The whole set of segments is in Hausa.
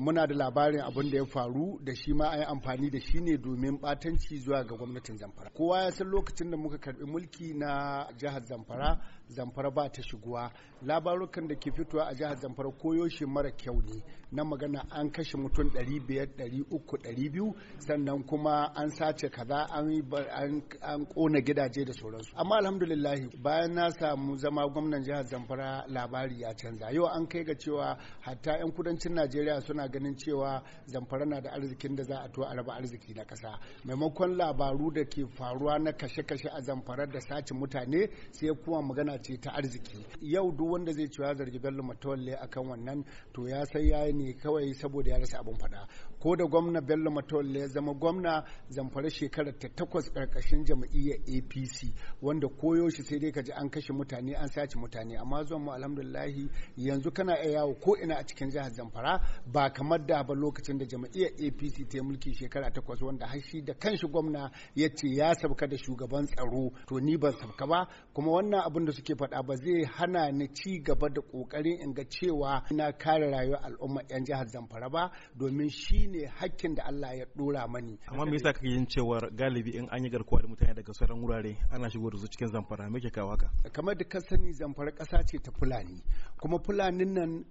muna da labarin abin da ya faru da shi ma ayi amfani da shi ne domin batanci zuwa ga gwamnatin zamfara kowa ya san lokacin da muka karbi mulki na jihar zamfara zamfara ba ta shigowa labarukan da ke fitowa a jihar zamfara shi mara kyau ne na magana an kashe mutum 500 300 sannan kuma an sace kaza an kona gidaje da sauransu amma alhamdulillah bayan na samu zama gwamnan jihar zamfara labari ya canza yau an kai ga cewa hatta 'yan kudancin najeriya suna ganin cewa zamfara na da arzikin da za a to a raba arziki na kasa maimakon labaru da ke faruwa na kashe-kashe a zamfara da sace mutane sai kuma magana ce ta arziki yau duk wanda zai cewa zargi bello matawalle akan wannan to ya sai ya ne kawai saboda ya rasa abin faɗa ko da gwamna bello matol ya zama gwamna zamfara shekarar ta takwas karkashin jam'iyyar apc wanda koyaushe sai dai kaji an kashe mutane an sace mutane amma zuwan mu alhamdulillahi yanzu kana iya yawo ko ina a cikin jihar zamfara ba kamar da ba lokacin da jam'iyyar apc ta yi mulki shekara takwas wanda har shi da kanshi gwamna ya ce ya sabka da shugaban tsaro to ni ban sabka ba kuma wannan abin da suke faɗa ba zai hana ni ci gaba da ƙoƙarin in ga cewa na kare rayuwar al'umma 'yan jihar zamfara ba domin shi shine hakkin da Allah ya dora mani amma me yasa kake yin cewar galibi in an yi garkuwa da mutane daga sauran wurare ana shigo da su cikin zamfara me ke kawo haka kamar da ka sani zamfara ƙasa ce ta fulani kuma fulanin nan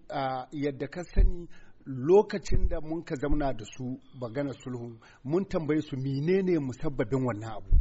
yadda ka sani lokacin da mun ka zamna da su bagana sulhu mun tambaye su menene musabbabin wannan abu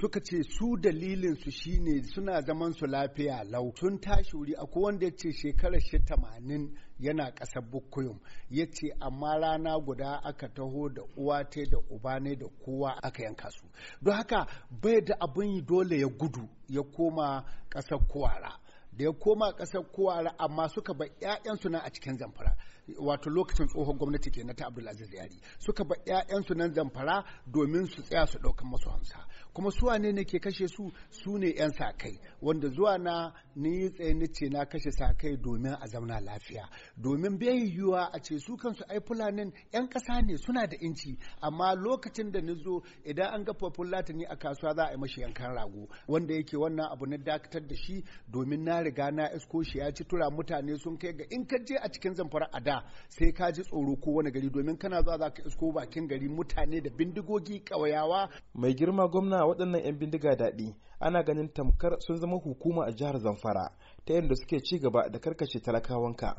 suka ce su dalilin su shine suna zaman su lafiya lau sun tashi wuri akwai wanda ya ce shekarar shi tamanin yana ƙasar bukuyum ya ce amma rana guda aka taho da uwa ta da uba ne da kowa aka yanka su don haka bai da abin dole ya gudu ya koma ƙasar kuwara da ya koma ƙasar kowara amma suka ba 'ya'yansu nan a cikin zamfara wato lokacin tsohon gwamnati ke na ta abdulaziz yari suka ba 'ya'yansu nan zamfara domin su tsaya su ɗaukan masu hamsa kuma su wane ne ke kashe su su ne 'yan sa kai wanda zuwa na ni tsaye ni ce na kashe sakai kai domin a zauna lafiya domin bai yiwuwa a ce su kansu ai fulanin 'yan ƙasa ne suna da inci amma lokacin da ni zo idan an ga fafin latani a kasuwa za a yi mashi yankan rago wanda yake wannan abu na dakatar da shi domin na riga na isko shi ya ci tura mutane sun kai ga in ka je a cikin zamfara a da sai ka ji tsoro ko wani gari domin kana zuwa za ka isko bakin gari mutane da bindigogi ƙauyawa. mai girma gwamna waɗannan 'yan bindiga daɗi ana ganin tamkar sun zama hukuma a jihar zamfara ta yadda suke ci gaba da karkace talakawanka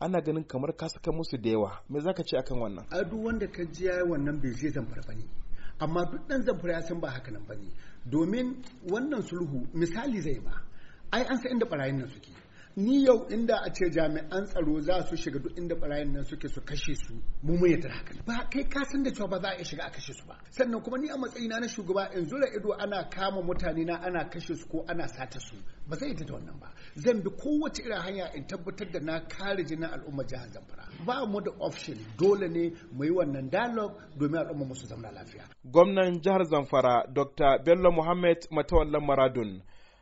ana ganin kamar ka saka musu da yawa me zaka ce akan wannan a duk wanda ka ji yayi wannan bai je zamfara bane amma duk dan zamfara ya san ba haka nan bane domin wannan sulhu misali zai ba ai an san inda barayin nan suke ni yau inda a ce jami'an tsaro za su shiga duk inda barayin nan suke su kashe su mu mu yadda haka ba kai ka san da cewa ba za a iya shiga a kashe su ba sannan kuma ni a matsayina na shugaba in zura ido ana kama mutane na ana kashe su ko ana sata su ba zai yadda da wannan ba zan bi kowace irin hanya in tabbatar da na kare jinin al'umma jihar Zamfara ba mu da option dole ne mu yi wannan dialogue domin al'umma su zauna lafiya gwamnan jihar Zamfara Dr. Bello Muhammad Matawallan Maradun